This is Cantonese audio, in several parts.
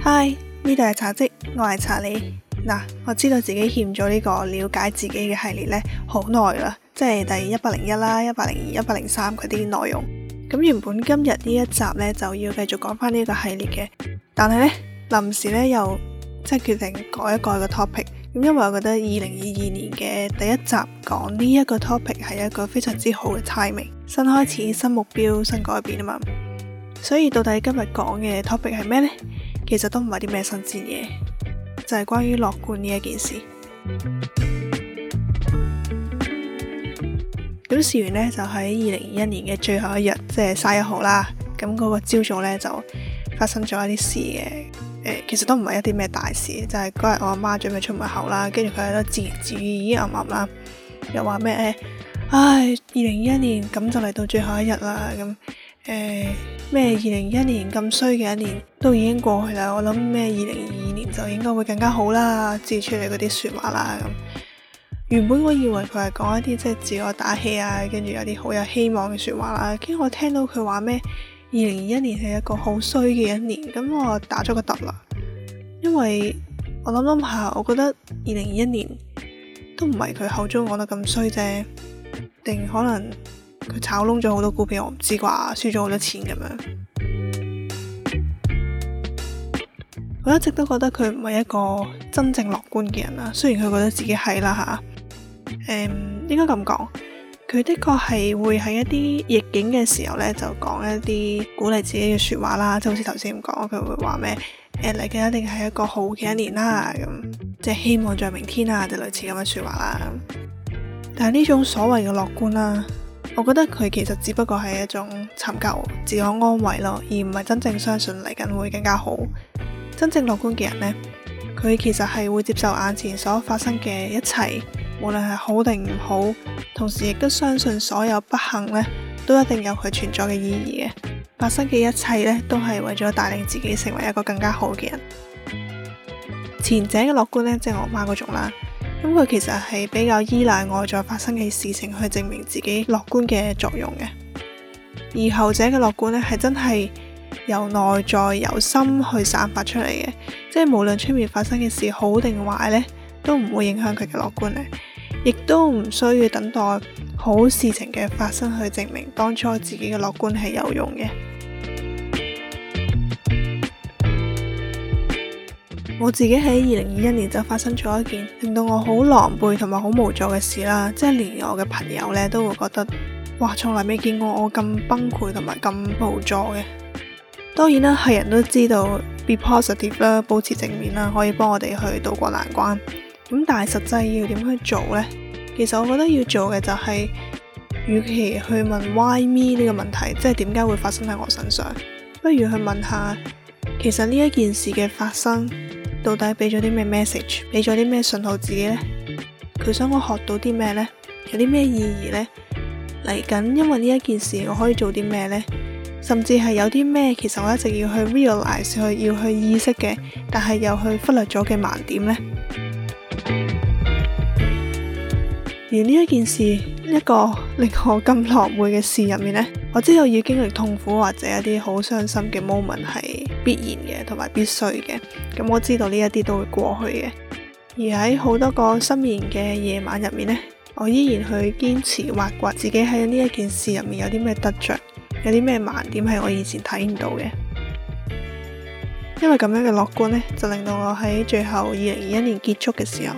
嗨，呢度係茶嘖，我係茶理。嗱，我知道自己欠咗呢個了解自己嘅系列呢好耐啦，即係第一百零一啦、一百零二、一百零三嗰啲內容。咁原本今日呢一集呢就要繼續講翻呢個系列嘅，但係呢，臨時呢又即係決定改一改個 topic。咁因為我覺得二零二二年嘅第一集講呢一個 topic 係一個非常之好嘅 timing，新開始、新目標、新改變啊嘛。所以到底今日講嘅 topic 係咩呢？其實都唔係啲咩新鮮嘢。就係關於樂觀呢一件事。咁 事完呢，就喺二零二一年嘅最後一日，即係卅一號啦。咁嗰個朝早呢，就發生咗一啲事嘅、呃。其實都唔係一啲咩大事，就係嗰日我阿媽準備出門口啦，跟住佢喺度自言自語，已經暗暗啦，又話咩唉，二零二一年咁就嚟到最後一日啦，咁誒咩二零二一年咁衰嘅一年都已經過去啦。我諗咩二零二。就應該會更加好啦，接出嚟嗰啲說話啦。原本我以為佢係講一啲即係自我打氣啊，跟住有啲好有希望嘅說話啦。經過聽到佢話咩，二零二一年係一個好衰嘅一年。咁我打咗個突啦，因為我諗諗下，我覺得二零二一年都唔係佢口中講得咁衰啫，定可能佢炒窿咗好多股票，我唔知啩，輸咗好多錢咁樣。我一直都覺得佢唔係一個真正樂觀嘅人啦，雖然佢覺得自己係啦吓，誒、啊嗯，應該咁講，佢的確係會喺一啲逆境嘅時候呢，就講一啲鼓勵自己嘅說話啦，即係好似頭先咁講，佢會話咩，誒，嚟緊一定係一個好嘅一年啦，咁即係希望在明天啊，就類似咁嘅說話啦。但係呢種所謂嘅樂觀啦，我覺得佢其實只不過係一種尋求自我安慰咯，而唔係真正相信嚟緊會更加好。真正樂觀嘅人呢，佢其實係會接受眼前所發生嘅一切，無論係好定唔好，同時亦都相信所有不幸呢，都一定有佢存在嘅意義嘅。發生嘅一切呢，都係為咗帶領自己成為一個更加好嘅人。前者嘅樂觀呢，即係我媽嗰種啦，咁佢其實係比較依賴外在發生嘅事情去證明自己樂觀嘅作用嘅，而後者嘅樂觀呢，係真係。由內在由心去散發出嚟嘅，即係無論出面發生嘅事好定壞呢，都唔會影響佢嘅樂觀咧，亦都唔需要等待好事情嘅發生去證明當初自己嘅樂觀係有用嘅。我自己喺二零二一年就發生咗一件令到我好狼狽同埋好無助嘅事啦，即係連我嘅朋友呢都會覺得哇，從來未見過我咁崩潰同埋咁無助嘅。當然啦，係人都知道 be positive 啦，保持正面啦，可以幫我哋去渡過難關。咁但係實際要點去做呢？其實我覺得要做嘅就係，與其去問 why me 呢個問題，即係點解會發生喺我身上，不如去問下，其實呢一件事嘅發生，到底俾咗啲咩 message，俾咗啲咩信號自己呢？佢想我學到啲咩呢？有啲咩意義呢？嚟緊因為呢一件事，我可以做啲咩呢？甚至係有啲咩，其實我一直要去 realize 去要去意識嘅，但係又去忽略咗嘅盲點呢？ 而呢一件事，一個令我咁狼狽嘅事入面呢，我知道要經歷痛苦或者一啲好傷心嘅 moment 係必然嘅，同埋必須嘅。咁我知道呢一啲都會過去嘅。而喺好多個失眠嘅夜晚入面呢，我依然去堅持挖掘自己喺呢一件事入面有啲咩得着。有啲咩盲點係我以前睇唔到嘅？因為咁樣嘅樂觀呢，就令到我喺最後二零二一年結束嘅時候，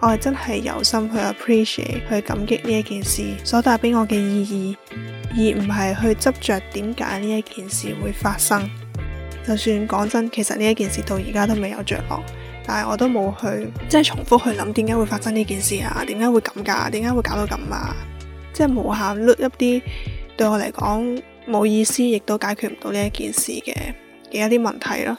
我係真係有心去 appreciate，去感激呢一件事所帶俾我嘅意義，而唔係去執着點解呢一件事會發生。就算講真，其實呢一件事到而家都未有着落，但係我都冇去即係重複去諗點解會發生呢件事啊？點解會咁噶？點解會搞到咁啊？即係無限 loop 一啲。對我嚟講冇意思，亦都解決唔到呢一件事嘅一啲問題咯。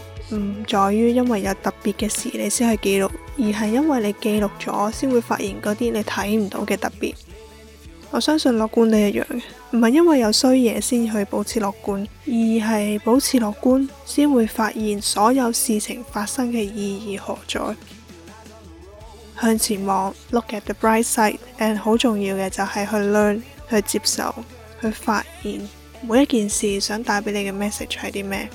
唔在於因為有特別嘅事你先去記錄，而係因為你記錄咗，先會發現嗰啲你睇唔到嘅特別。我相信樂觀都一樣，唔係因為有衰嘢先去保持樂觀，而係保持樂觀先會發現所有事情發生嘅意義何在。向前望，look at the bright side，and 好重要嘅就係去 learn、去接受、去發現每一件事想帶俾你嘅 message 係啲咩。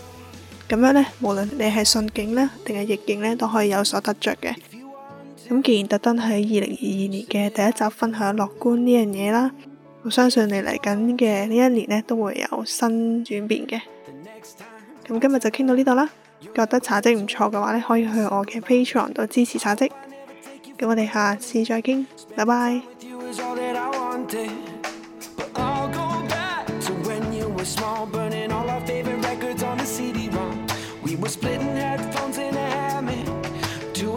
咁樣呢，無論你係順境咧，定係逆境呢，都可以有所得着嘅。咁既然特登喺二零二二年嘅第一集分享樂觀呢樣嘢啦，我相信你嚟緊嘅呢一年呢，都會有新轉變嘅。咁今日就傾到呢度啦，覺得茶嘖唔錯嘅話咧，可以去我嘅 Patreon 度支持茶嘖。咁我哋下次再傾，拜拜。